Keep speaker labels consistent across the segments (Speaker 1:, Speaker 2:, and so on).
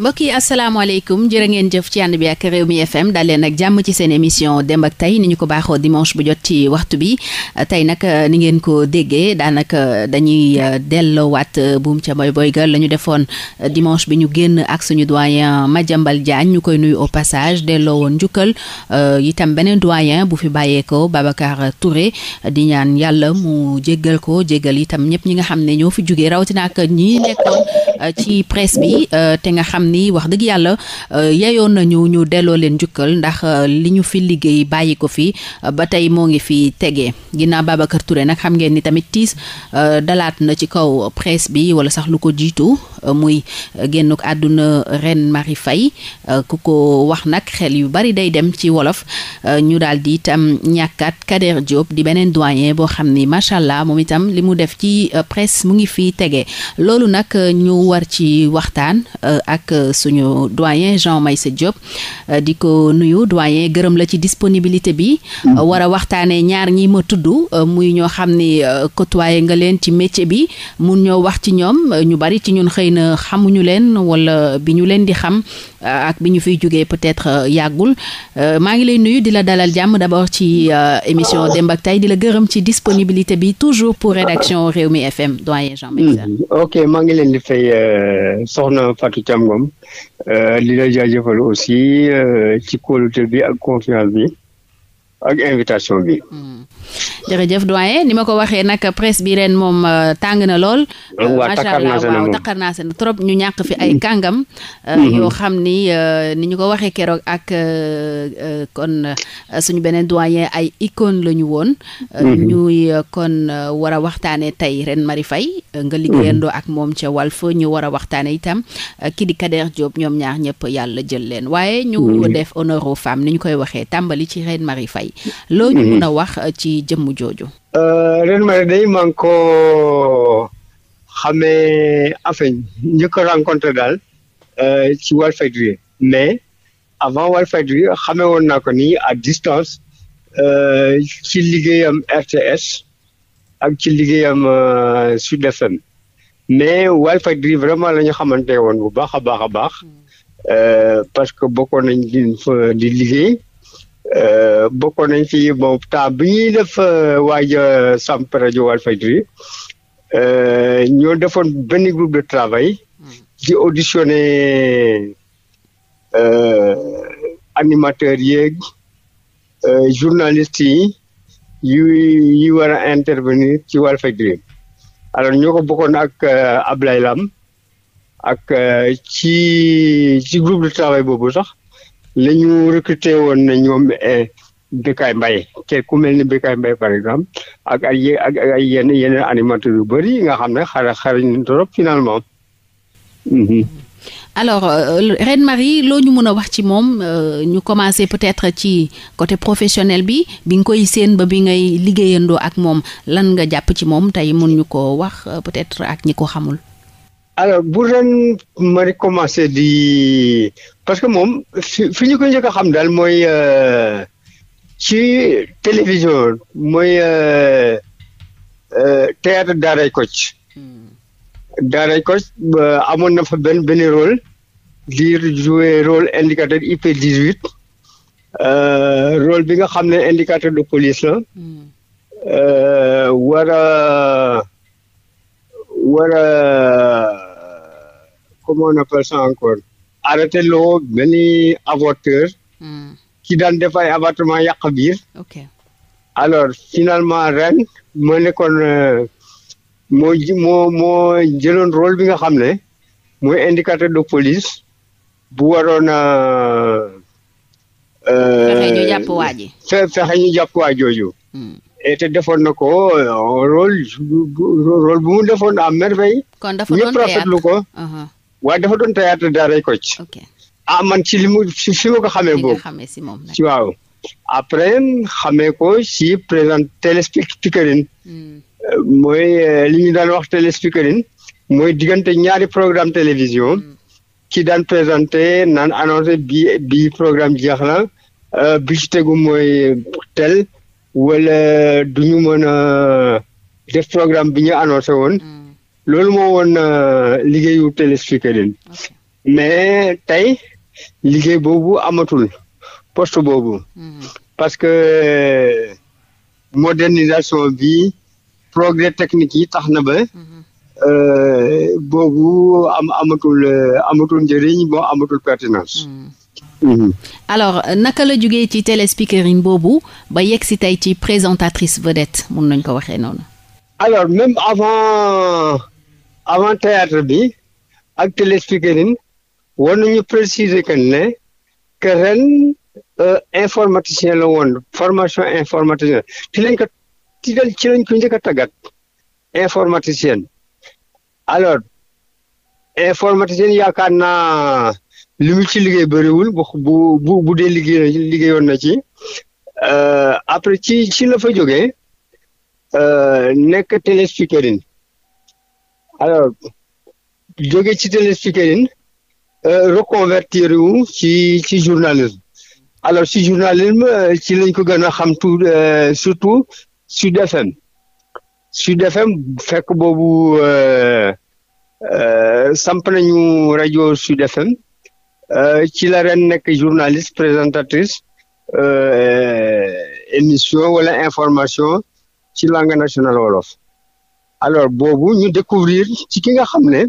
Speaker 1: mbokk yi asalaamaaleykum jërë ngeen jëf ci ànd bi ak Rewmi FM dal leen ak jàmm ci seen émission démb ak tey ni ñu ko baaxoo dimanche bu jot ci waxtu bi tey nag euh, ni ngeen ko déggee daanaka euh, dañuy euh, delloowaat buum ca boy boy ga la ñu defoon dimanche bi ñu génn ak suñu doyen Madiambal Diagne ñu koy nuyu au passage delloo woon njukkal itam beneen doyen bu fi bàyyeekoo Babacar Touré di ñaan yàlla mu jéggal ko jéggal itam ñëpp ñi nga xam ne ñoo fi jugee rawatina ak ñi nekkoon xam ni wax dëgg yàlla euh, yeyoon nañu ñu delloo leen jukkal ndax euh, li ñu fi liggéey bàyyi ko fi euh, ba tey moo ngi fi tegee ginnaaw Babacar ture nag xam ngeen ni tamit tiis dalaat na ci kaw presse bi wala sax lu ko jiitu muy génn àdduna ren Marie Faye ku ko wax nag xel yu bari day dem ci wolof ñu daal di itam ñàkkaat Kader Diop di beneen doyen boo xam ni macha allah moom itam li mu def ci presse mu ngi fi tege loolu nag ñu war ci waxtaan ak ak euh, suñu doyen Jean Meissa Diop euh, di ko nuyu doyen gërëm la ci disponibilité bi mm-hmm. euh, war a waxtaanee ñaar ñi ma tudd muy ñoo xam ni côtoyé nga leen ci métier bi mun ñoo wax ci ñoom ñu bari ci ñun xëy na xamuñu leen wala bi ñu leen di xam ak bi ñu fiy jógee peut-être yàggul maa ngi leen nuyu di la dalal jàmm d'abord ci émission Demb ak Tay di la gërëm ci disponibilité bi toujours pour rédaction mi FM doyen Jean Meissa
Speaker 2: mm-hmm. soxna Fatou Thiam Ngom moom li euh, lay jaajëfal aussi euh, ci kóolute bi ak confiance bi ak invitation bi. Hmm.
Speaker 1: jërëjëf doyen ni ma ko waxee nag presse bi ren moom euh, tàng na lool. Euh, macha allah waaw takkar naa seen trop ñu ñàkk fi ay hmm. kàngam. Euh, hmm. yoo xam ni ni ñu ko waxee keroog ak kon suñu beneen doyen ay icône la ñu woon. ñuy kon war a waxtaanee tey ren mari Faye nga liggéeyandoo ak moom ca Walf ñu wara a waxtaanee itam kii di Kader Diop ñoom ñaar ñëpp yàlla jël leen waaye. ñu def honneur aux femmes ni ñu koy waxee tàmbali ci ren Marie Faye Mbaye mm-hmm. loo ñu a mm-hmm. wax euh, ci jëmm jooju
Speaker 2: euh, Reine Marie day maa ngi ko xamee affaire njëkk a rencontré daal euh, ci Walfadjri mais avant Walfadjri xamee woon naa ko nii à distance ci liggéeyam RTS ak ci liggéeyam Sud FM mais Walfadjri vraiment la ñu xamante woon bu baax a baax a baax mm. parce que bokkoon nañ di liggéey Euh, bokkoon nañ ci bon temps bi ñuy def euh, waaj a samp rajo Walfadjri euh, ñoo defoon benn groupe de travail di auditionné animateurs yeeg journalistes yi yu yi war a intervenir ci Walfadjri alors ñoo ko bokkoon ak Ablaye Lam ak ci ci groupe de travail boobu sax la ñu recruté woon na ñoom eh, Bikaay mbay te ku mel ni Bikaay mbay par exemple ak ay ak ay yenn yeneen animateurs yu bëri yi nga xam ne xara ñu trop finalement. Mhm.
Speaker 1: alors euh, Reine Marie loo ñu mën a wax ci moom euh, ñu commencé peut-être ci côté professionnel bi bi nga koy séen ba bi ngay liggéeyandoo ak moom lan nga jàpp ci moom tey mën ñu ko wax euh, peut-être ak ñi ko xamul.
Speaker 2: alors bu ren mari commencé di parce que moom fi fi ñu ko njëkk a xam daal mooy euh, ci télévision mooy euh, euh, théâtre Daaray Kocc hmm. Daaray Kocc amoon na fa benn benn rôle di jouer rôle indicateur IP 18 rôle bi nga xam ne indicateur de police la hmm. war a comment on appelle ça encore arrêté loo benn avorteur. Hmm. ki daan def ay avortement yàq alors finalement ren moo nekkoon euh, moo moo moo jëloon rôle bi nga xam ne mooy indicateur de police bu waroon a. Euh, fexe ñu jàpp waa ji. ñu jàpp waa hmm. defoon na ko euh, rôle rôle bu mu defoon à merveille.
Speaker 1: kon dafa ko. Uh-huh.
Speaker 2: waaye dafa doon théâtre daaray Kocc. ok ah man ci li mu ci fi ma ko xamee. boobu ci waaw. après xamee ko si présent téléspikerine. Hmm. Euh, mooy euh, li ñu daan wax téléspikerine. mooy diggante ñaari programme télévision. Hmm. ki daan présenté naan annoncé bi bi programme jeex na. Euh, bi ci mooy tel wala duñu ñu mën a def programme bi ñu annoncé woon. Hmm. loolu moo woon euh, liggéeyu Téléspikérine mais tey liggéey boobu amatul poste boobu. Hmm. parce que euh, modernisation bi progrès technique yi tax na ba. Hmm. Euh, boobu am amatul amatul njëriñ bon amatul pertinence.
Speaker 1: Hmm. alors naka la jógee ci Téléspikérine boobu ba yegg si tey ci présentatrice vedette mun nañ ko waxee noonu.
Speaker 2: alors même avant. avant théâtre bi ak Téléspikin war nañu préciser que ne que ren euh, informaticien la woon formation informaticien ci lañ ko ci lañ ci lañ ko njëkk a tàggat informaticienne alors informaticienne yaakaar naa li mu liggéey bëriwul bu bu bu dee liggéey liggéeyoon na ci euh, après ci ci la fa jógee euh, nekk Téléspikin. alors jóge ci Téléfikarin euh, reconvertir wu ci ci journalisme alors ci journalisme euh, ci lañ ko gën a xam tout euh, surtout Sud FM Sud FM fekk boobu samp nañu rajo Sud FM ci la ren nekk journaliste présentatrice émission wala information ci langue nationale wolof. alors boobu ñu découvrir ci ki nga xam ne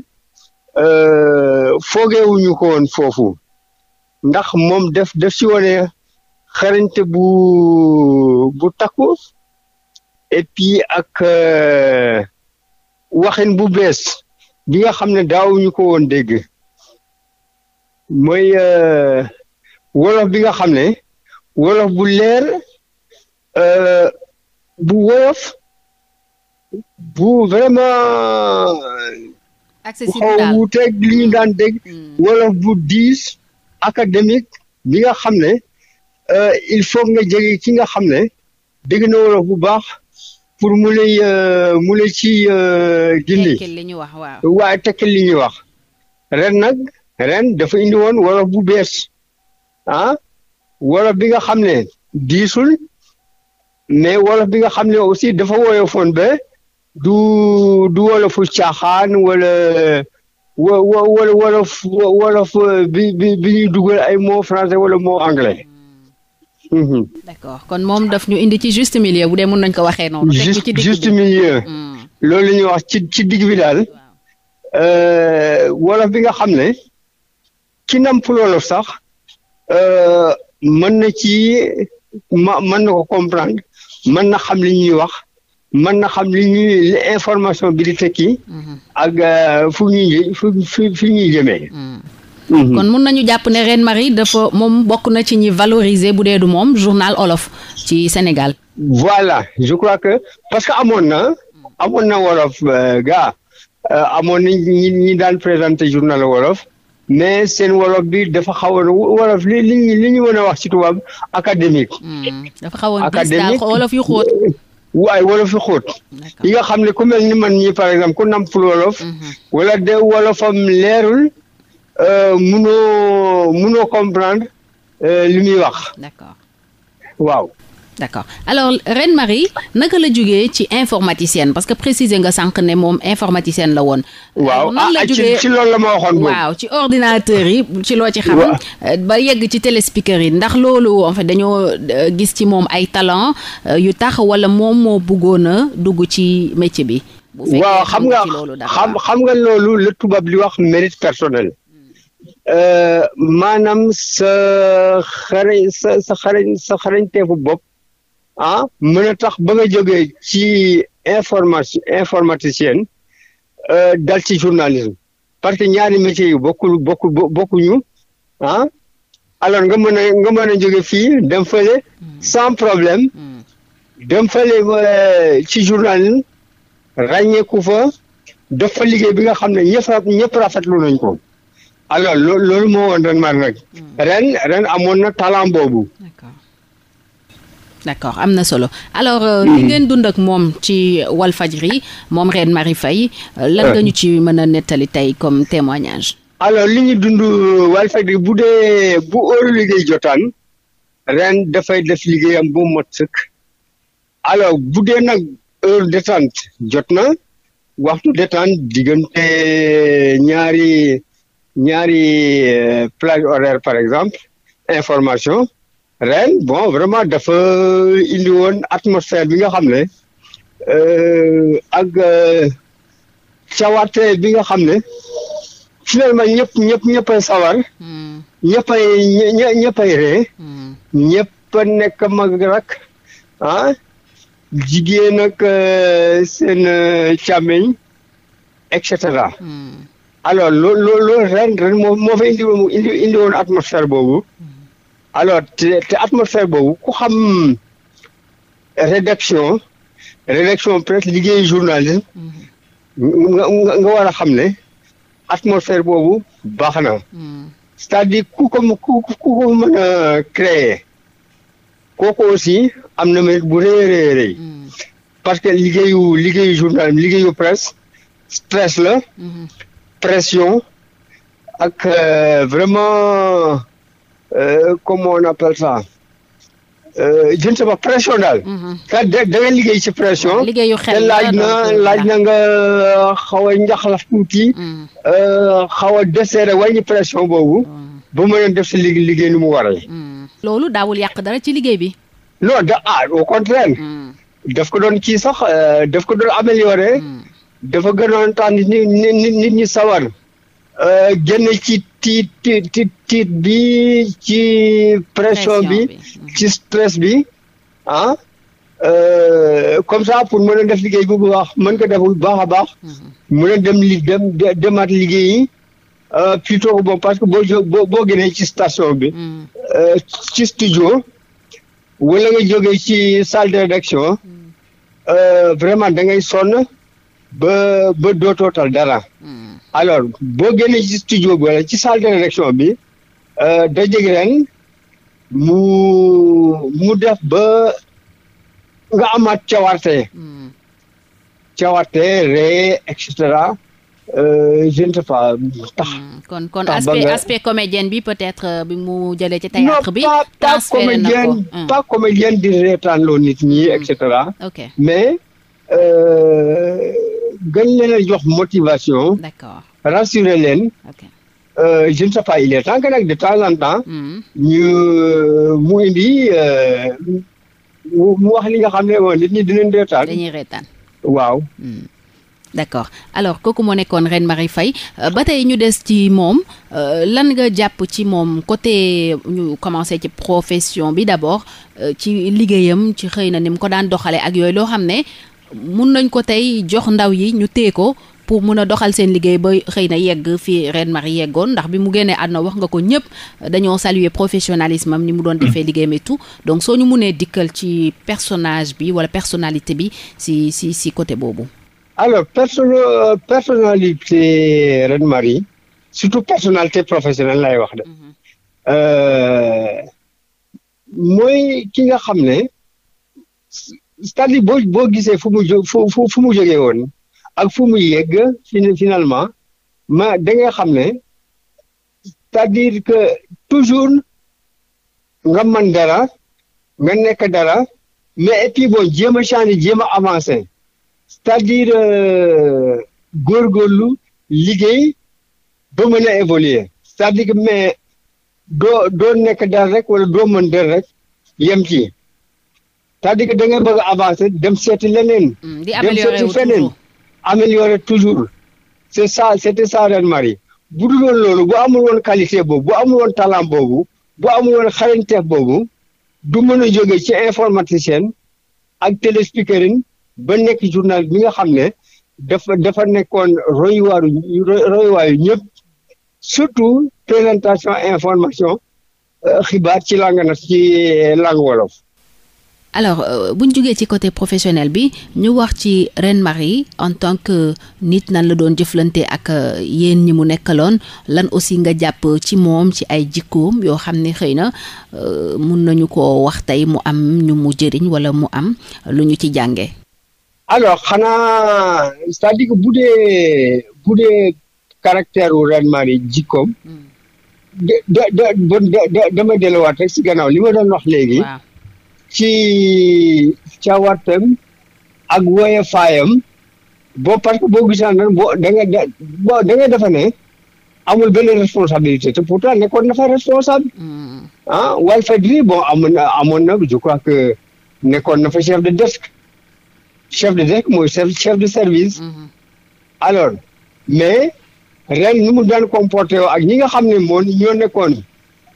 Speaker 2: euh, foogeewuñu ko woon foofu ndax moom def def ci wane xarañte bu bu takku et puis ak euh, waxin bu bees bi nga xam ne daawuñu ko woon dégg mooy euh, wolof bi nga xam ne wolof bu leer bu wolof bu vraiment. accessible daal xaw li ñu daan dégg. Hmm. wala bu diis académique bi nga xam ne euh, il faut nga jege ki nga xam ne dégg na bu baax pour mu lay euh, mu lay ci gindi. Euh, tekkil
Speaker 1: li ñu wax waaw.
Speaker 2: waaye li ñuy wax ren nag ren dafa indi woon wolof bu bees ah wolof bi nga xam ne diisul mais wala bi nga xam ne aussi dafa woyofoon be du du wolofu caaxaan wala wala wolof wolof euh, bi bi bi ñuy dugal ay mots français wala moo anglais.
Speaker 1: Hmm. Mhm. d'accord kon moom daf ñu indi ci juste milieu bu de mën nañ ko waxee noonu. juste juste
Speaker 2: milieu. Hmm. loolu la ñuy wax ci ci digg bi daal. Euh, wolof bi nga xam ne. ki namp wolof sax. Euh, mën na ci ma mën na ko comprendre mën na xam li ñuy wax. man na xam li ñuy information bi di tekki. Mhm. ak euh, fu ñuy fu fu ñuy jëmee. Mhm.
Speaker 1: Mhm. kon mun nañu jàpp ne ren Marie dafa moom bokk na ci ñi valoriser bu dee du moom journal olof ci Sénégal.
Speaker 2: voilà je crois que parce que amoon na. amoon na wolof euh, gaa euh, amoon na ñi ñi daan présenter journal wolof mais seen wolof bi dafa xaw a wolof li ñu wax ci tubaab académique.
Speaker 1: xaw a wolof yu xóot.
Speaker 2: wu ay wolof yu xóot yi nga xam ne ku mel ni man ñi par exemple ku nampul wolof mhm. wala de wolofam leerul euh, munoo munoo comprendre euh, li muy wax waaw
Speaker 1: d'accord alors Reine Marie naka la jógee ci informaticienne parce que préciser nga sànq ne moom informaticienne la woon. waaw ah, a ah, ci loolu la ma waxoon. waaw ci ordinateur yi ci loo ci xam. Euh, ba yegg ci téléspeaker yi ndax loolu en fait dañoo euh, gis ci moom ay talent euh, yu tax wala moom moo bëggoon a dugg ci métier bi. waaw xam nga
Speaker 2: xam xam nga loolu la tubaab li wax mérite personnel. maanaam sa xarañ sa xarañ sa bopp. Ah mën a tax ba nga jógee ci information informaticienne euh, dal ci journalisme parce que ñaari métiers yi bokkul bokku bokkuñu ah nga mën a nga mën a jóge fii dem fële sans problème dem fële euh, ci journalisme ràññeeku fa def fa liggéey bi nga xam ne ñëpp ñëpp rafetlu nañ ko alors loolu moo woon ren man hmm. ren ren amoon na talent boobu
Speaker 1: d'accord am na solo alors euh, li hmm. ngeen dund ak moom ci Walfadjri moom Reine Marie Faye euh, lan nga ñu ci mën a nettali tey comme témoignage
Speaker 2: alors li ñu dund euh, Walfadjri bu dee bu óoru liggéey jotaan ren dafay def liggéeyam bu mot sëkk alors bu dee nag heure détente jot na waxtu détente diggante ñaari ñaari plage horaire par exemple information ren bon vraiment dafa indi woon atmosphère bi nga xam ne euh, ak cawarte euh, bi nga xam ne na ñëpp ñëpp ñëppay sawar hmm. ñëppay ñëppay ree hmm. ñëpp nekk mag rak ah jigéen ak euh, seen càmmeñ et cetera hmm. alors loo loo ren ren moo moo fa indi indi atmosphère boobu alors te atmosphère boobu ku xam rédaction rédaction presse liggéey journalisme nga nga war a xam ne atmosphère boobu baax na c'est-à-dire ku ku ko mën a créer aussi am na mérite bu rëy rëy rëy parce que liggéeyu liggéeyu journalisme liggéeyu presse stress la mhm. pression ak euh, vraiment euh, comment on appelle ça euh, je ne sais pas pression daal. Mhm. da liggéey ci pression. Ah, liggéeyu xel laaj na euh, laaj na nga euh, xaw a njaxlaf tuuti. Mhm. xaw a desserré wàññi pression boobu. Mhm. ba mën a def si liggéey liggéey nu mu waree.
Speaker 1: loolu daawul yàq dara ci liggéey bi.
Speaker 2: non da ah au contraire. daf ko doon kii sax daf ko doon amélioré. dafa gënoon tax nit nit ñi sawar. génn ci. tiit tiit tiit bi ci pression bi ci stress mhm. bi ah euh, comme ça pour mën a def liggéey bu baax mën ko deful baax a baax mhm. mën a dem li dem liggéey yi euh, plutôt que bon parce que boo boo boo génnee ci station bi mhm. euh, ci studio wala nga jógee ci salle de rédaction vraiment da ngay sonn ba ba dootoo dara. Hmm. alors boo génnee ci studio bi wala ci salle de rédaction bi euh, da ren mu mu def ba nga amaat cawarte. Hmm. cawarte ree et cetera. Euh, je ne sais pas tax. Hmm.
Speaker 1: kon kon aspect aspect comédienne bi peut-être euh, bi mu jëlee ci théâtre bi. transféré na ko non pas
Speaker 2: pas comédienne di reetaanloo nit ñi et cetera. ok mais. Euh, gën leen jox motivation. d'accord rassurer leen. Okay. Euh, je ne sais pas il est temps que nag de temps en temps. Mm. ñu euh, mu indi euh, mu wax li nga xam ne nit ñi dinañ reetaan. dañuy reetaan. waaw. Mm. d'accord
Speaker 1: alors kooku moo nekkoon Reine Marie fay ba tey ñu des ci moom lan nga jàpp ci moom côté ñu commencé ci profession bi d'abord ci liggéeyam ci xëy na ni mu ko daan doxalee ak yooyu loo xam ne. mun nañ ko tey jox ndaw yi ñu téye ko pour mun a doxal seen liggéey ba xëy na yegg fii Reine Marie yeggoon ndax bi mu génnee na wax nga ko ñëpp dañoo saluer professionnalisme am ni mu doon defee liggéeyam et tout donc soo ñu munee dikkal ci personnage bi wala personalité bi si si si côté boobu.
Speaker 2: alors perso personnalité Reine Marie surtout personnalité professionnelle lay wax de. Mhm. Euh, mooy ki nga xam ne c'est-à-dire boo gisee fu mu fu fu fu mu jógee woon ak fu mu yegg finalement ma da nga xam ne cest que toujours nga mën dara nga nekk dara mais et puis bon a changer jéem a avancer c'est-à-dire euh, góorgóorlu liggéey ba mën a évoluer cest que mais doo doo nekk dara rek wala doo mën dara rek yem ci c'est-à-dire da ngeen bëgg a dem seeti leneen. Mm, di améliorer dem seeti feneen améliorer toujours. c'est ça c'était ça Reine Marie bu dul woon loolu bu amul woon qualité boobu bu amul woon talent boobu bu amul woon xarañteef boobu du mën a jóge ci informaticien ak téléspeakerin ba nekk journal mi nga xam ne dafa dafa nekkoon royuwaaru royuwaayu ñëpp surtout présentation information euh, xibaar ci langue na ci euh, langue wolof
Speaker 1: alors euh, bu ñu jugee ci côté professionnel bi ñu wax ci Reine Marie en tant que nit nan la doon jëflante ak euh, yéen ñi mu nekkaloon lan aussi nga jàpp ci moom ci ay jikkoom yoo xam ni xëy na euh, mun nañu ko wax tey mu am ñu mu jëriñ wala mu am lu ñu ci jànge
Speaker 2: alors xanaa c'est-à-dire bu dee bu dee caractère wu Reine Marie jikkoom. da da da damay si gannaaw li ma doon wax léegi. ci cawarteem ak woye faayam boo parce que boo gisaan nag boo da ngay da ngay defe amul benn responsabilité te pourtant nekkoon na fa responsable mm. ah Walfadjri bon amoon na amoon na je crois que nekkoon na fa chef de desk chef de desk mooy chef de service mm-hmm. alors mais ren ni mu daan comporté woo ak ñi nga xam ne moom ñoo nekkoon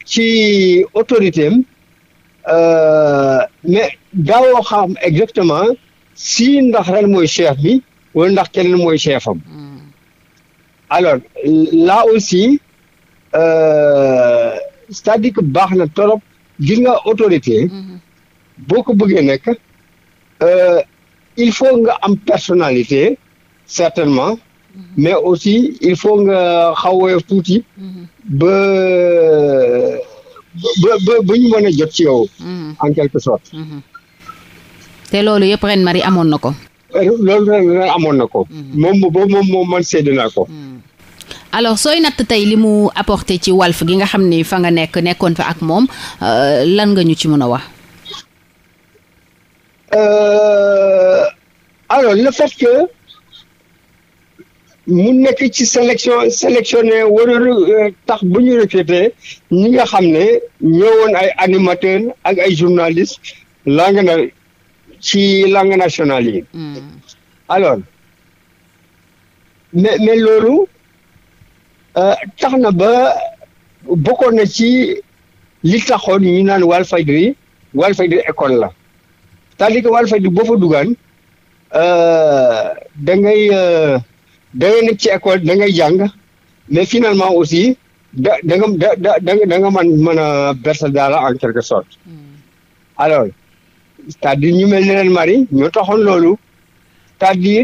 Speaker 2: ci autorité am Euh, mais gaawoo xam exactement si ndax ren mooy chef bi wala ndax keneen mooy chef am hmm. alors là aussi euh, c'est-à-dire baax na trop gis nga autorité hmm. boo ko bëggee nekk euh, il faut nga am personnalité certainement hmm. mais aussi il faut nga xawee tuuti ba ba ba ñu mën a jot ci yow. Mhm. en quelque sorte.
Speaker 1: Mhm. te loolu yëpp ren Marie amoon na ko.
Speaker 2: loolu ren amoon na ko. Mhm. moom boobu moom moom man sédd naa ko.
Speaker 1: alors sooy natt tey li mu apporté ci Walf gi nga xam ni fa nga nekk nekkoon fa ak moom euh, lan nga ñu ci mën a wax.
Speaker 2: Euh, mu nekk ci sélection sélectionné war euh, tax bu ñu recruter ñi nga xam ne ñëwoon ay animateur ak ay journaliste langue na ci langue nationale yi hmm. alors mais mais loolu euh, tax na ba bokkoon na ci li taxoon ñu naan Walfadjri Walfadjri école la c'est-à-dire que Walfadjri boo fa dugaan euh, da ngay da ngay ci école da ngay jàng mais finalement aussi da da nga da da da nga mën mën a bersa daala en quelque sorte hmm. alors c'est-à-dire ñu mel ni mari ñoo taxoon loolu cest à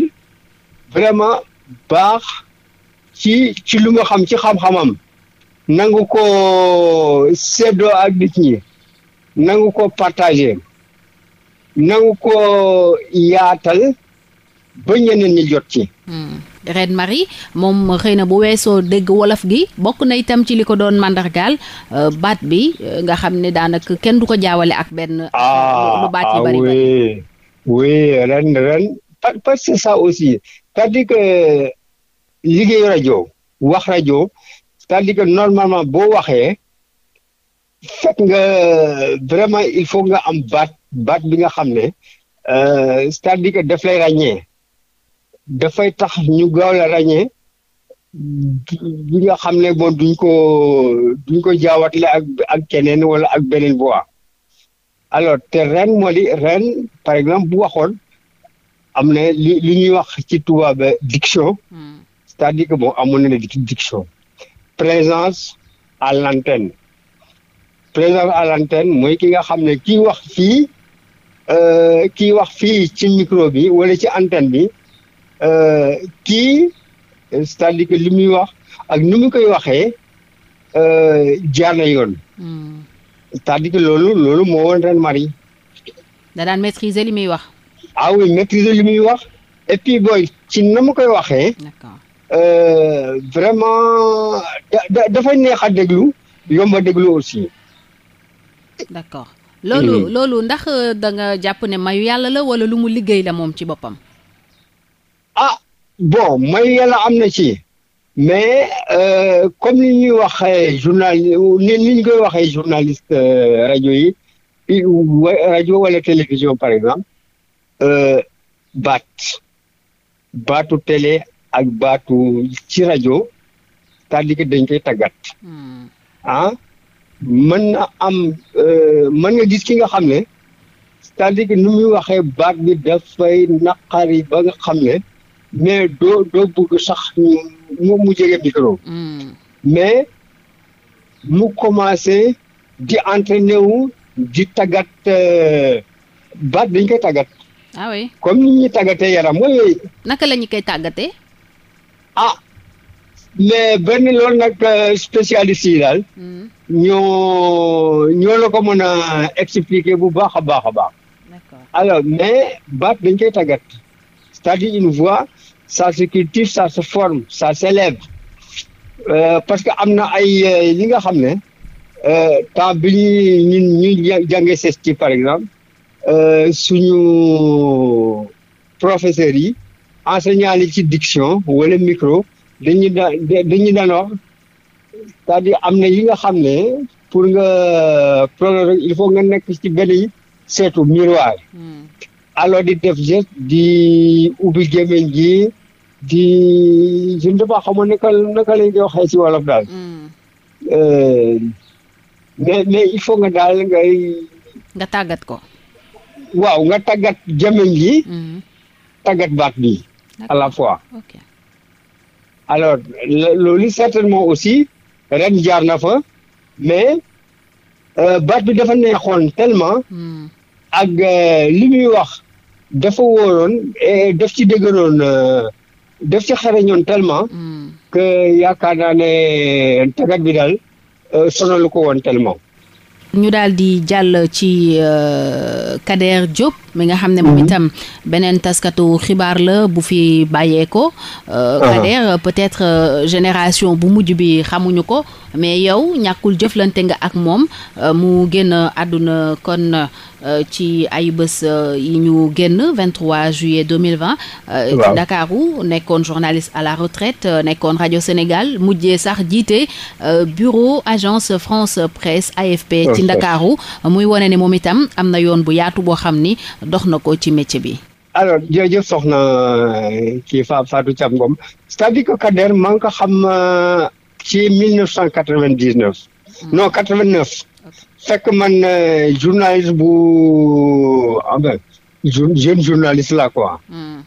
Speaker 2: vraiment baax ci ci lu nga xam ci xam-xamam nangu ko seddoo ak nit ñi nangu ko partagé nangu ko yaatal ba ñeneen ñi jot ci.
Speaker 1: Hmm. Reine Marie moom xëy na bu weesoo dégg wolof gi bokk na itam ci li ko doon màndargaal euh, baat bi euh, nga xam ne daanaka kenn du ko jaawale ak benn. Ah, lu baat yi ah, bari
Speaker 2: bari oui ren ren parce que ça aussi cest à liggéeyu rajo wax rajo c'est-à-dire que normalement boo waxee fekk nga vraiment il faut nga am baat baat bi nga xam ne euh, c'est-à-dire que lay ràññee. dafay tax ñu gaaw la ràññee bi nga xam ne bon duñ ko duñ ko jaawatle ak ak keneen wala ak beneen voie alors te ren moo ren par exemple bu waxoon am na li li ñuy wax ci tubaab diction hmm. c'est-à-dire que bon amoon na ne diction présence à l'antenne présence à l'antenne mooy ki nga xam ne ki wax fii euh, kii wax fii ci micro bi wala ci antenne bi Euh, kii cest à li muy wax ak ni mu koy waxee euh, jaar na yoon. Hmm. c'est-à-dire que loolu loolu moo woon ren mari.
Speaker 1: da daan maîtriser li muy wax.
Speaker 2: ah oui maîtriser li muy wax et booy ci na mu koy waxee. d'accord euh, vraiment da dafay neex a déglu yomb a déglu aussi.
Speaker 1: d'accord loolu hmm. loolu ndax danga jàpp ne mayu yàlla la wala lu mu liggéey la moom ci boppam.
Speaker 2: ah bon may yàlla am na ci mais euh, comme ni ñuy waxee journal ni koy waxee journaliste euh, rajo yi rajo wala télévision par exemple euh, baat baatu télé ak baatu ci rajo c'est-à-dire que dañ koy tàggat hmm. ah mën na am mën nga gis ki nga xam ne cest à nu muy waxee baat bi dafay naqari ba nga xam ne mais doo doo bëgg sax mu mu jege micro. Hmm. mais mu commencé di entraîné wu di tàggat euh, baat dañ koy tàggat. ah oui comme ni ñuy tàggatee yaram mooy.
Speaker 1: naka lañu ñu koy tàggatee.
Speaker 2: ah mais benn loolu nag euh, spécialiste yi daal. Hmm. ñoo ñoo la ko mën a expliquer bu baax a baax a baax. alors mais baat dañ koy tàggat cest une voix. sa se cultive ça se forme ça s'élève euh, parce que am na ay li euh, nga xam ne euh, temps bi ñu ñuy ñuy jàngee CESTI par exemple euh, suñu professeurs yi enseignants yi ci diction wala micro dañuy da dañuy daan wax c'est-à-dire am na yi nga xam ne pour nga prologue il faut nga nekk ci benn seetu miroir. Hmm. alors di def geste di ubbi gémmiñ gi di je ne sais pas xamoon naka naka lañ koy waxee ci wolof daal. Mm. Euh, mais mais il faut nga daal nga tàggat ko. waaw nga tàggat gémmiñ gi. Mm-hmm. tàggat baat bi. à la fois. alors loolu certainement aussi ren jaar na fa mais euh, baat bi dafa neexoon tellement. Mm. ak euh, li muy wax dafa wóoroon et eh, eh, daf ci dëgëroon eh, daf ci xarañoon tellement. Hmm. que yaakaar naa ne tàggat bi daal sonalu ko woon tellement.
Speaker 1: ñu daal di jàll ci Kader Diop mi nga xam ne moom hmm. itam beneen taskatu xibaar la bu fi bàyyeekoo. Ah. Kader peut-être génération bu mujj bi xamuñu ko. mais yow ñàkkul jëflante nga ak moom euh, mu génn àdduna kon euh, ci ay bés euh, yi ñu génn 23 juillet 2020. waaw Ndakaaru nekkoon journaliste à la retraite nekkoon rajo Sénégal mujjee sax jiite bureau agence France Presse AFP. ci Ndakaaru muy wane ne moom itam am na yoon bu yaatu boo xam ni dox na ko ci métier bi.
Speaker 2: alors jërëjëf soxna kii Fatou Thiam Ngom c'est-à-dire Kader maa ko xam. ci 1999. Hmm. non 89. fekk man euh, journaliste bu ah ben jeune journaliste la quoi. Hmm.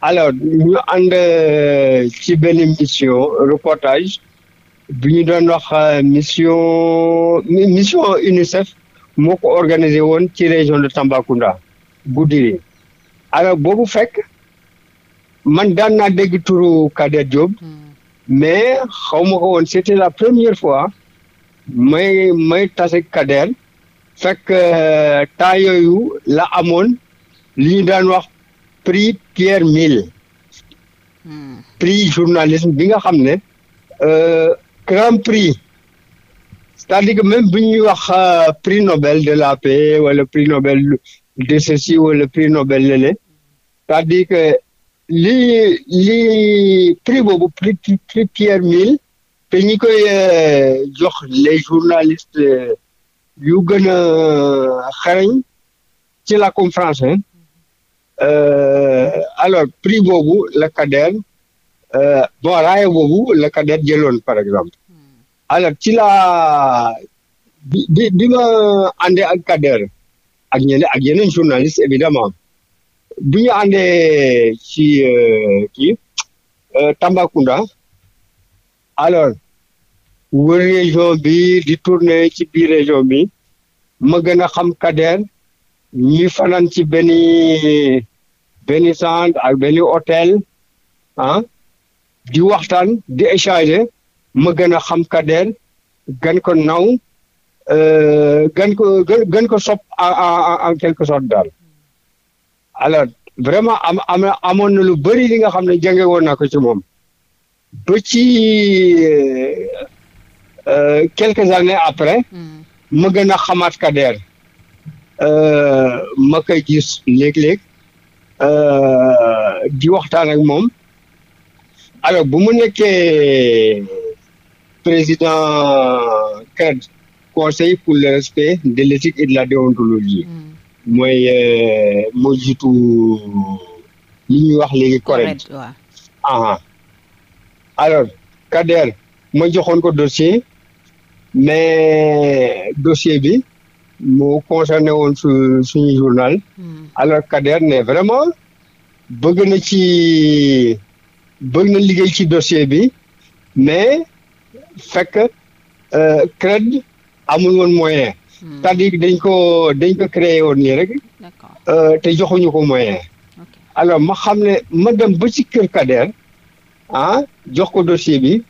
Speaker 2: alors ñu ànd euh, ci benn mission reportage bi ñu doon wax euh, mission mission UNICEF moo ko organisé woon ci région de Tambacounda Goudiri alors boobu fekk man daan naa dégg turu Kader Diop. Hmm. mais xaw ma woon c'était la première fois mais may tase Kader fekk euh, temps yooyu la amoon liñu ñu daan wax prix Pierre Mille hmm. prix journalisme bi nga xam ne euh, grand prix c'est-à-dire que même bu ñuy wax euh, prix Nobel de la paix wala prix Nobel de ceci wala prix Nobel lele c'est-à-dire que lii li prix boobu pri prix Pierre Mille te ñi koy euh, jox les journalistes euh, yu gën a euh, xarañ ci la conférence alors prix boobu la Kader bon raaya boobu la Kader jëloon par exemple hmm. alors ci la bi bi àndee ak Kader ak ñeneen ak yeneen journalistes évidemment bi ñu àndee ci euh, kii euh, Tambacounda alors wër région bi di tourner ci biir région bi ma gën a xam Kader ñuy fanaan ci benn benn centre ak benn hôtel ah, di waxtaan di échanger ma gën a xam Kader gën ko naw euh, gën ko gën ko sopp en en en quelque sorte daal. alors vraiment am am amoon na lu bëri li nga xam ne jànge woon naa ko ci moom ba ci euh, euh, quelques années après hmm. ma gën a xamaat Kader euh, ma koy gis léeg-léeg di waxtaan ak moom alors bu mu nekkee président CRED conseil pour le respect de l'éthique et la déontologie hmm. mooy euh, moo jiitu li ñuy wax léegi correct alors Kader ma joxoon ko dossier mais dossier bi mu concerné woon su suñu journal hmm. alors Kader ne vraiment bëgg na ci bëgg na liggéey ci dossier bi mais fekk euh, CRED amul woon moyen Hmm. c'est-à-dire dañ ko dañ ko créé woon nii rek. Euh, te joxuñu ko moyen. alors ma xam ne ma dem ba ci kër Kader ah jox ko dossier bi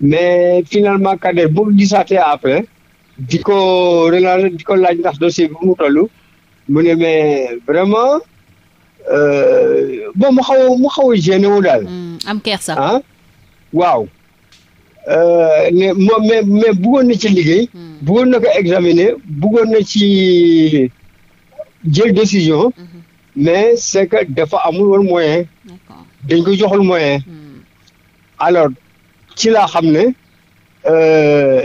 Speaker 2: mais finalement Kader boo gisaatee après di ko relancé di ko laaj ndax dossier bi mu toll mu ne mais vraiment euh, bon mu xaw mu xaw a gêné wu daal. Hmm,
Speaker 1: am kersa ah
Speaker 2: waaw. Euh, mais moom mais mais bëggoon na ci liggéey. Hmm. bugoon na ko examiner bëggoon na ci jël décision. Hmm. mais c'est que dafa amul woon moyen. dañ ko joxul moyen. Hmm. alors ci laa xam ne euh,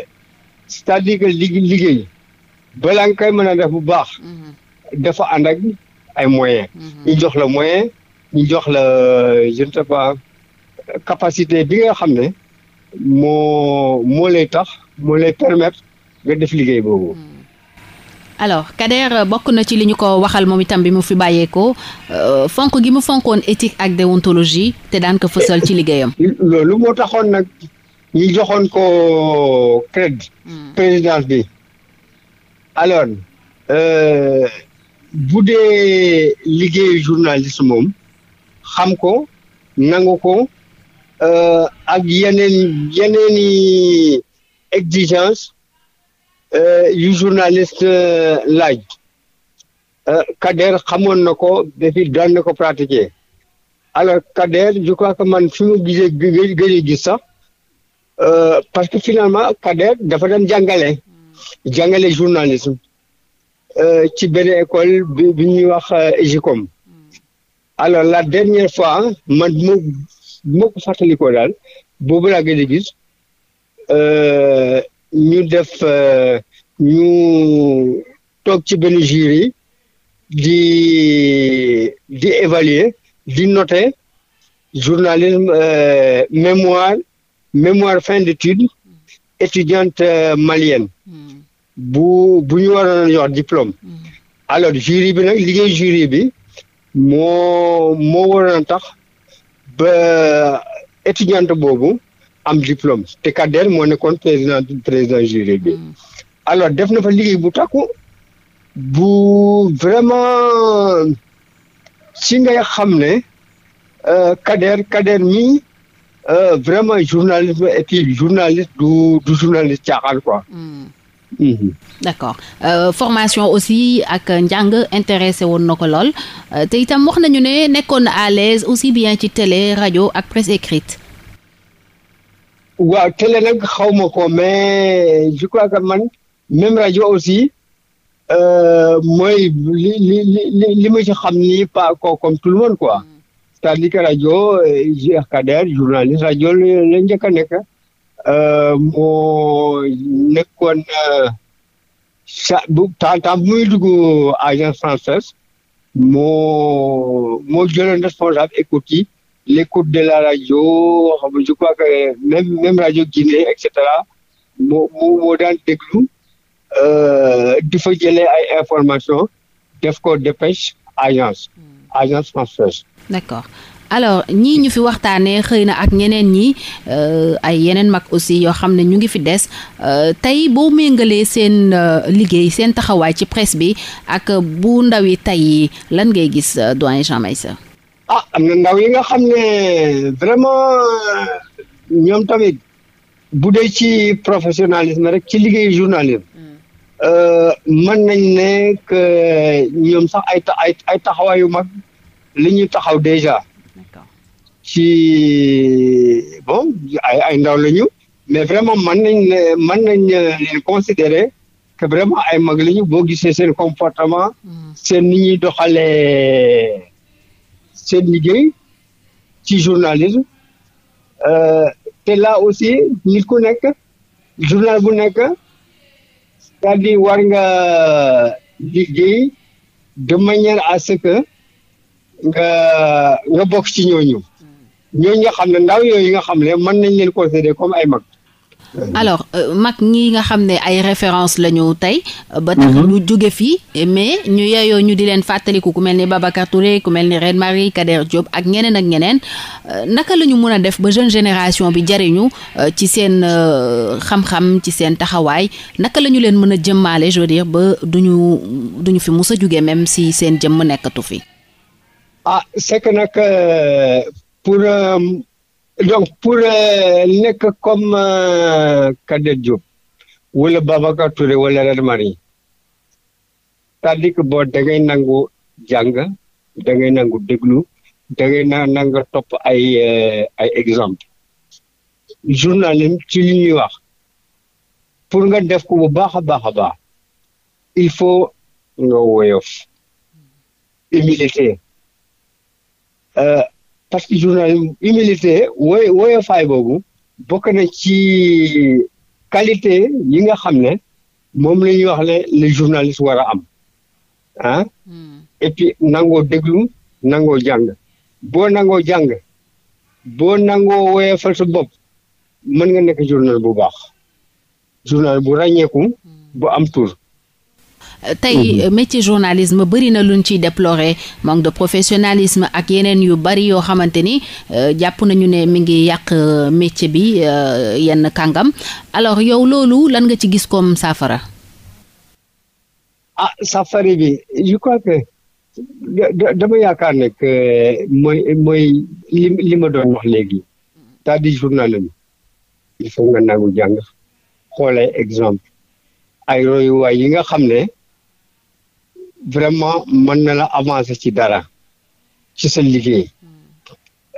Speaker 2: c'est-à-dire que liggéey balaa nga koy mën def bu baax. dafa ànd ak ay moyen ñu jox la moyen ñu jox la je ne capacité bi nga xam ne. moo moo lay tax moo lay permettre nga def liggéey boobu. Hmm.
Speaker 1: alors Kader euh, bokk na ci li ñu ko waxal moom itam bi mu fi bàyyeekoo euh, fonk gi mu fonkoon éthique ak déontologie te daan ko fësal ci liggéeyam.
Speaker 2: Eh, loolu moo taxoon nag ñu joxoon ko crédit. Hmm. présidence bi alors euh, bu dee liggéeyu journaliste moom xam ko nangu ko. Euh, ak yeneen yeneen i exigence euh, yu journaliste euh, laaj Kader xamoon na ko depuis daan na ko pratiquer alors Kader je crois que man fi ma gisee gëj gis sax parce que finalement Kader dafa doon jàngale jàngale journalisme ci benn école bi ñuy wax EGICOM mm. la dernière fois man ma bu ma daal boobu laa gën a gis euh, ñu def euh, ñu toog ci benn jury di di évaluer di noter journalisme euh, mémoire mémoire fin d'étude étudiante malienne hmm. bu bu ñu waroon a diplôme hmm. alors jury bi nag liggéey jury bi moo moo waroon a tax ba étudiante boobu am diplôme te Kader moo nekkoon président président jury bi mm. alors def na fa liggéey bu takku bu vraiment si ngay xam ne euh, Kader Kader mi euh, vraiment journaliste et puis journaliste du du journaliste caaxaan quoi. Mm.
Speaker 1: Mhm. d'accord euh, formation aussi ak njàng intéressé woon na ko lool euh, te itam wax nañu ne nekkoon à l'aise aussi bien ci télé rajo ak presse écrite.
Speaker 2: waaw télé nag xawma ko mais je crois que man même rajo aussi euh, mooy li li li ma ci xam ni pas comme tout le monde quoi mm. c'est-à-dire que rajo Kader euh, journaliste rajo la njëkk nekk. moo nekkoon sa bu temps muy dugg agence française moo moo jëloon responsable écoute yi de la radio je crois que même même rajo Guinée et cetera moo moo moo daan déglu di fa jëlee ay information def ko dépêche agence agence française
Speaker 1: d'accord alors ñii ñu fi waxtaanee xëy na ak ñeneen ñi euh, ay yeneen mag aussi yoo xam ne ñu ngi fi des euh, tey boo méngalee seen euh, liggéey seen taxawaay ci presse bi ak bu ndaw yi tey yi lan ngay gis doyen Jean Meissa
Speaker 2: ah na ndaw yi nga xam ne vraiment ñoom tamit bu dee ci professionnalisme rek ci liggéey journalisme hmm. mën nañ ne que ñoom sax ay taxawaayu mag li ñu taxaw déjà ci bon ay ay ndaw lañu mais vraiment mën nañ mën nañ leen que vraiment ay mag lañu boo gisee seen comportement hmm. seen ni ñuy doxalee seen liggéey ci journalisme euh, te là aussi nit ku nekk journal bu nekk cest di war nga liggéey de manière à ce que nga nga bokk ci ñooñu ñooñu nga xam ne ndaw yooyu nga xam ne mën nañ leen considérer comme ay mag.
Speaker 1: alors euh, mag ñi nga xam ne ay référence la ñu tey euh, ba tax mhm. ñu jóge fii mais ñu yeyoo ñu di leen fàttaliku ku mel ni Babacar Touré ku mel ni Reine Marie Kader Diop ak ñeneen ak ñeneen euh, naka la ñu mën a def ba jeune génération bi jariñu ci seen xam-xam ci seen taxawaay naka lañu leen mën a jëmmaale je veux dire ba duñu duñu fi mus a jóge même si seen jëmm nekkatu fi
Speaker 2: ah c'est que nag pour euh, donc pour euh, nekk comme euh, Kader Diop wala Babacar Touré wala Red Marie c'est-à-dire que boo da ngay nangu jàng da ngay nangu déglu da ngay na nanga topp ay ay exemple journalisme ci li ñuy wax pour nga def ko bu baax a baax a baax il faut nga woyof humilité euh, parce que journalisme humilité wooy wooyofaay boobu bokk na ci qualité yi nga xam ne moom la ñuy wax ne le journaliste war am ah hmm. et puis nangoo déglu nangoo jàng boo nangoo jàng boo nangoo woyofal sa bopp mën nga nekk journal bu baax journal bu ràññeeku hmm. bu am tour
Speaker 1: tey mmh. euh, métier journalisme bëri na luñ ciy déplorer manque de professionnalisme ak yeneen yu bari yoo xamante ni euh, jàpp nañu ne mi ngi yàq euh, métier bi yenn kàngam alors yow loolu lan nga ci gis comme saafara.
Speaker 2: ah saafara bi je crois que dama yaakaar ne que mooy mooy li ma doon wax léegi c'est-à-dire journalisme il faut nga nangu jàng xoolee exemple ay royuwaay yi nga xam ne. vraiment mën na la avancer ci dara ci sa liggéey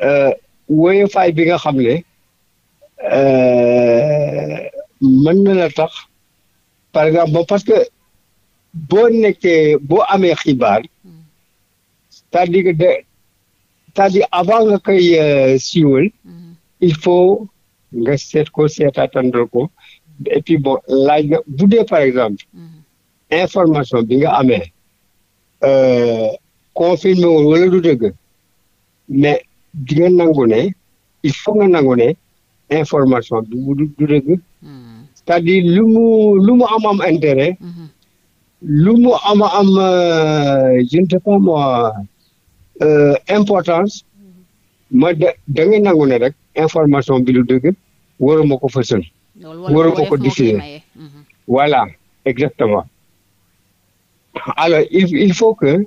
Speaker 2: euh, woyofaay bi nga xam ne euh, mën na la tax par exemple bon parce que boo nekkee boo amee xibaar ta à dire de cest à avant nga koy euh, siiwal il faut nga seet ko seetaatandal ko et puis bon laaj nga bu par exemple mm-hmm. information bi nga amee Euh, confiné wu wala du dëgg mais di nga nangu ne il faut nga nangu ne information bi du du hmm. mu lu mu am am intérêt hmm. lu mu am euh, euh, importance ma da da nga nangu rek information bi du dëgg waruma ko fësal
Speaker 1: hmm.
Speaker 2: voilà exactement alors il, il faut que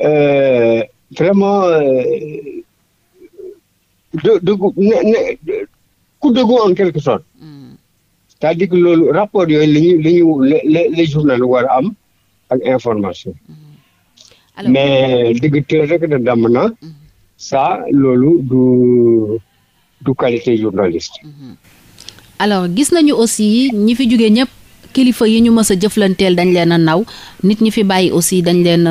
Speaker 2: euh, vraiment euh, de de coup de goût en quelque sorte. Mm. cest à loolu rapport yooyu liñu ñuy la ñuy les journal war a am ak information.
Speaker 1: Mm. mais
Speaker 2: dëgg teel rek da damm na. Hmm. ça loolu du du qualité journaliste. Hmm.
Speaker 1: alors gis nañu aussi ñi fi jóge ñëpp kilifa yi ñu mës a jëflanteel dañ leen a naw nit ñi fi bàyyi aussi dañ leen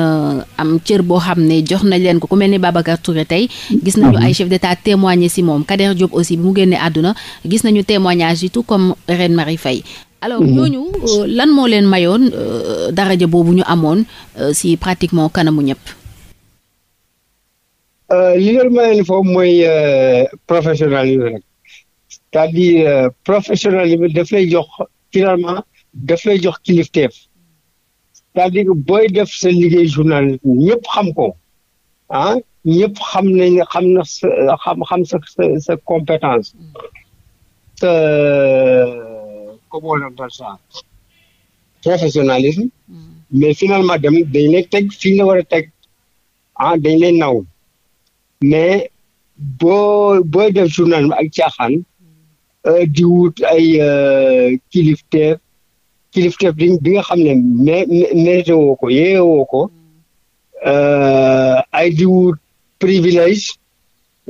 Speaker 1: am cër boo xam ne jox nañ leen ko ku mel ni Babacar Touré tey gis nañu ay chef d'état témoigner si moom Kader Diop aussi bi mu génnee àdduna gis nañu témoignage yi tout comme Reine Marie Faye alors mhm. ñooñu euh, lan moo leen mayoon euh, daraja boobu ñu amoon euh, si pratiquement kanamu ñëpp
Speaker 2: li leen mayoon foofu mooy professionnalisme rek c'est-à-dire jox finalement daf lay jox kilifteef c'est-à-dire booy def sa liggéey journaliste ñëpp xam ko ah ñëpp xam nañ xam na sa xam xam sa sa sa compétence sa comment on appelle ça professionnalisme mm. mais finalement dem dañ lay teg fi ñu la war a teg ah dañ le naw mais boo booy def journalisme ak caaxaan mm. euh, di wut ay euh, kilifteef kilifteef bi nga xam ne mérité woo ko yee woo ko euh, ay di wut privilège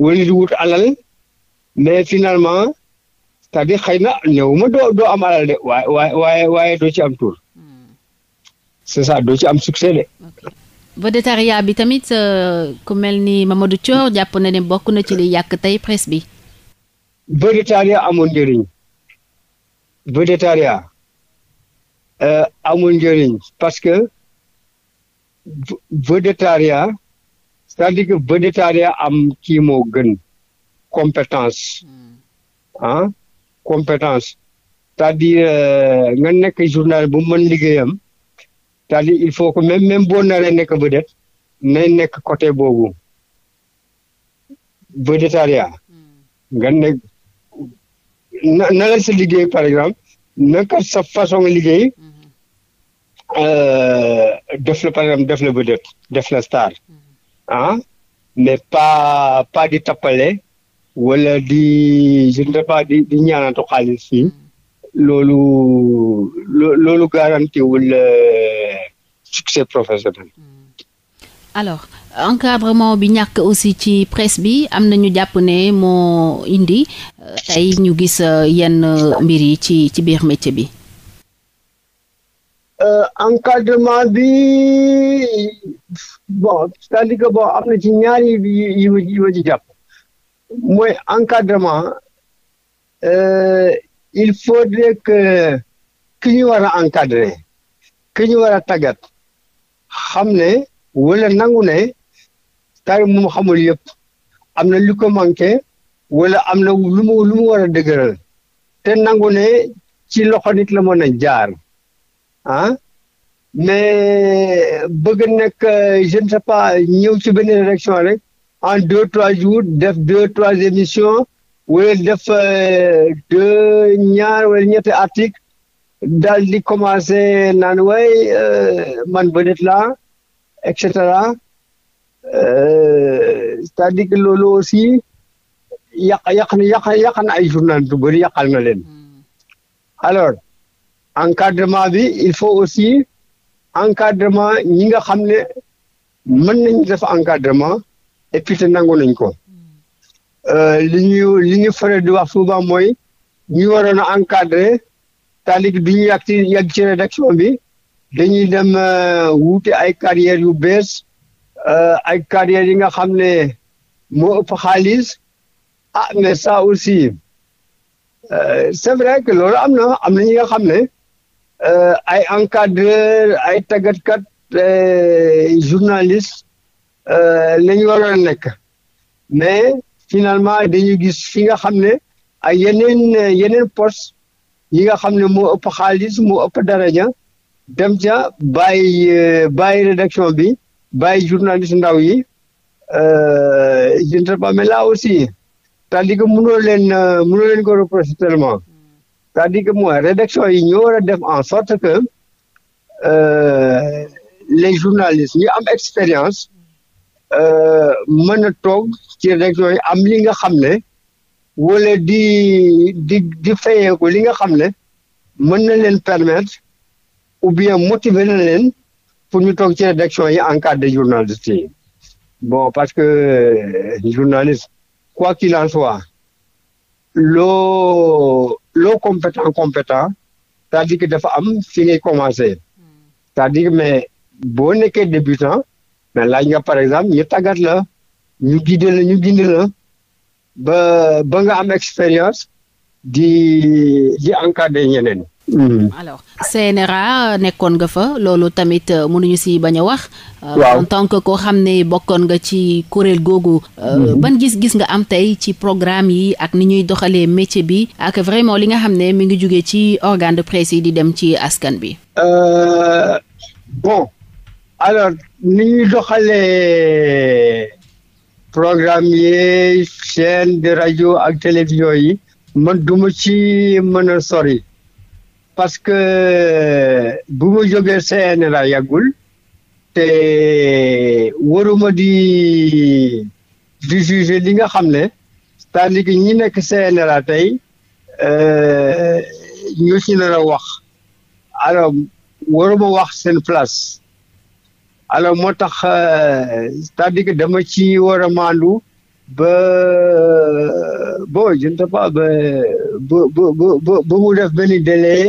Speaker 2: wala di alal mais finalement c'est-à-dire xëy na ñëw ma doo doo am alal de waaye waaye waaye doo ci am tur hmm. c'est ça doo ci am succès de.
Speaker 1: Vedettariat bi tamit euh, ku mel ni Mamadou Thior jàpp na ne bokk na ci li yàq tey presse bi.
Speaker 2: Vedettariat amoon njëriñ Vedettariat Euh, amul njëriñ parce que vedettariat c'est-à-dire am kii moo gën compétence hmm. ah compétence c'est-à-dire euh, nga nekk journal bu mën liggéeyam cest à il faut que même même boo naree nekk vedette nay nekk côté boobu vedettariat hmm. nga nekk na la sa liggéey par exemple naka sa façon liggéey hmm. Euh, def la par exemple def la vedette def la star ah, mais pas di tappale wala di je ne sais pas di ñaanatu xaalis fii loolu loolu garanti wul euh, succès professionnel.
Speaker 1: alors bi ñàkk aussi ci presse bi am na ñu jàpp ne moo indi euh, tey ñu gis yenn mbir yi ci ci biir métier bi.
Speaker 2: Euh, encadrement bi bon c'est-à-dire bon am na ci ñaari yu yu ma jàpp mooy encadrement euh, il faut faudrait que ki ñu war a encadrer ki ñu war a tàggat xam ne wala nangu ne cest à xamul yëpp am na lu ko manqué wala am na lu mu lu mu war a dëgëral te nangu ne ci loxo nit la mën a jaar. ah mais bëgg nekk je ne sais pas ñëw ci benn élection rek en deux trois jours def deux trois émissions wala def euh, deux ñaar wala ñetti article daal di commencé naan way euh, man vedette la et cetera euh, cest aussi yàq yàq na yàq yàq na ay journal bu bëri na leen hmm. alors encadrement bi il faut aussi encadrement ñi nga xam ne man nañ def encadrement et puis te nangu nañ ko euh, li ñu li ñu faral di wax souvent mooy ñu waroon a encadrer talik bi ñu yàgg ci yàgg ci rédaction bi dañuy dem euh, wuti ay carrières yu bees euh, ay carrières yi nga xam ne moo ëpp xaalis ah mais ça aussi c'est vrai que loolu am na am na ñi nga xam ne Euh, ay encadreur ay tàggatkat euh, journaliste euh, la ñu waroon nekk mais finalement dañu gis fi nga xam ne ay yeneen yeneen poste yi nga xam ne moo ëpp xaalis moo ëpp daraja dem ca bàyyi bàyyi rédaction bi bàyyi journaliste ndaw yi je ne sais pas mais là aussi c'est-à-dire que mënoo leen mënoo leen ko reprocher tellement c'est-à-dire que mooy rédaction yi ñoo war a def en sorte que euh, les journalistes ñu am expérience euh, mën a toog ci rédaction yi am li nga xam ne wala di di di fayeeku li nga xam ne mën na leen permettre ou bien motiver na leen pour ñu toog ci rédaction yi en cadre de journalistes yi bon parce que euh, journaliste quoi qu'il en soit loo loo compétent compétent cest dafa am fi ngay commencer c'est-à-dire mais boo nekkee débutant mais laaj nga par exemple ñu tàggat la ñu guider ñu gindi ba ba nga am expérience di di encadrer ñeneen.
Speaker 1: Mm. alors CNRA euh, nekkoon nga fa loolu tamit euh, mënuñu si bañ a wax. Euh, en tant que koo xam ne bokkoon nga ci kuréel googu. Mm-hmm. ban gis-gis nga am tey ci programme yi ak ni ñuy doxalee métier bi ak vraiment li nga xam ne mi ngi jugee ci organe de presse yi di dem ci askan bi.
Speaker 2: bon alors ni ñuy doxalee programme yi chaîne de rajo ak télévision yi man duma ci mën a sori. parce que bu ma jógee CNRA yàggul te waruma di di juger li nga xam ne c'est-à-dire que ñi nekk CNRA tey euh, ñu ci nar a wax alors waruma wax seen place alors moo tax euh, c'est-à-dire que dama ci war a maandu ba je ne sais pas ba ba ba mu def benn délai.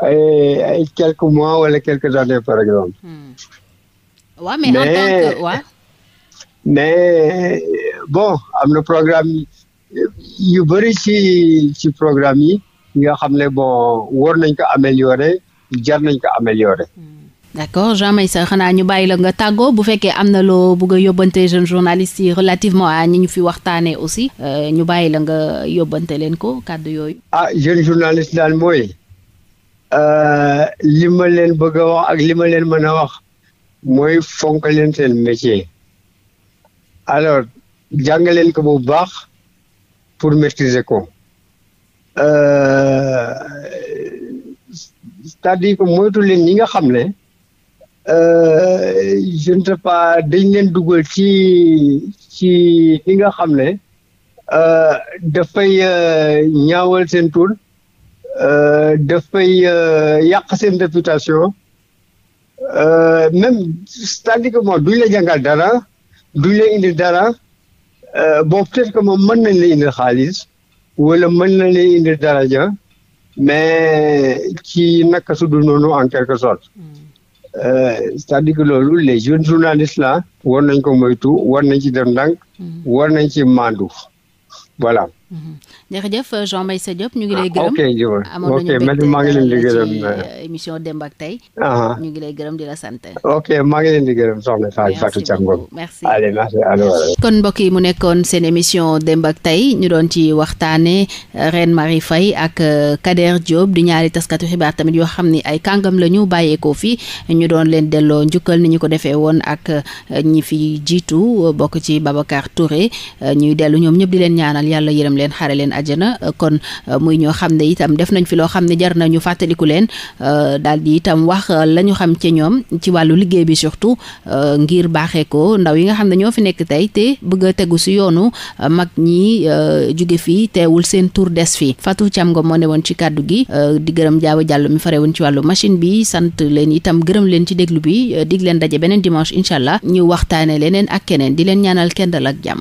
Speaker 2: ay quelques mois wala quelques années par exemple.
Speaker 1: waaw mais en tant que
Speaker 2: mais bon am na programme yu bëri ci ci programme yi nga xam ne bon war nañ ko améliorer jar nañ ko améliorer. Mm.
Speaker 1: d'accord Jean Meissa xanaa ñu bàyyi la nga tàggoo bu fekkee am na loo bëgg a yóbbante jeunes journalistes yi relativement à ñi ñu fi waxtaanee aussi ñu eh, bàyyi la nga yóbbante leen ko kàddu yooyu.
Speaker 2: ah jeune journaliste daal mooy. Euh, li ma leen bëgg a wax ak li ma leen mën a wax mooy fonk leen seen métier alors jàngaleen ko bu baax pour metriser ko euh, c'est-à-dire moytu leen ñi nga xam ne euh, je ne sais pas dañ leen dugal ci ci li nga xam ne dafay ñaawal seen tur Euh, dafay euh, yàq seen réputation euh, même c'est-à-dire que la jàngal dara duñ la indi dara bon peut-être que moom mën nañ la indi xaalis wala mën nañ la indi ja mais ci naka su dul noonu en quelque sorte hmm. c'est-à-dire que loolu les jeunes journalistes là war nañ ko moytu war nañ ci dem ndànk hmm. war nañ ci maandu
Speaker 1: Mm-hmm. jërëjëf Jean Meissa Diop ñu ngi lay ah,
Speaker 2: gërëm amoon nañu maa ngi leen euh, euh, euh,
Speaker 1: émission Demb ak ah. ñu ngi lay gërëm di sant
Speaker 2: ok maa ngi leen di gërëm soxna Fatou Thiam Ngom merci allez merci
Speaker 1: kon mbokk yi mu nekkoon seen émission Demb ak ñu doon ci waxtaane Reine Marie Faye ak Kader Diop di ñaari taskatu xibaar tamit yoo xam ni ay kàngam la ñu bàyyeekoo fi ñu doon leen delloo njukkal ni ñu ko defee woon ak ñi fi jiitu bokk ci Babacar Touré ñuy dellu ñoom ñëpp di leen ñaanal yàlla yërëm leen xare leen àjjana kon euh, muy ñoo xam ne itam def nañ fi loo xam ne jar ñu fàttaliku leen euh, daal di itam wax euh, la ñu xam ce ñoom ci wàllu liggéey bi surtout ngir baaxee ko ndaw yi nga xam ne ñoo fi nekk tey te bëgg tegu si yoonu mag ñi jóge fii teewul seen tur des fii Fatou Thiam Ngom moo ne woon ci kàddu gi di gërëm jaawa jàll mi fare woon ci wàllu machine bi sant leen itam gërëm leen ci déglu bi dig leen daje beneen dimanche incha allah ñu waxtaane leneen ak keneen di leen ñaanal kendal ak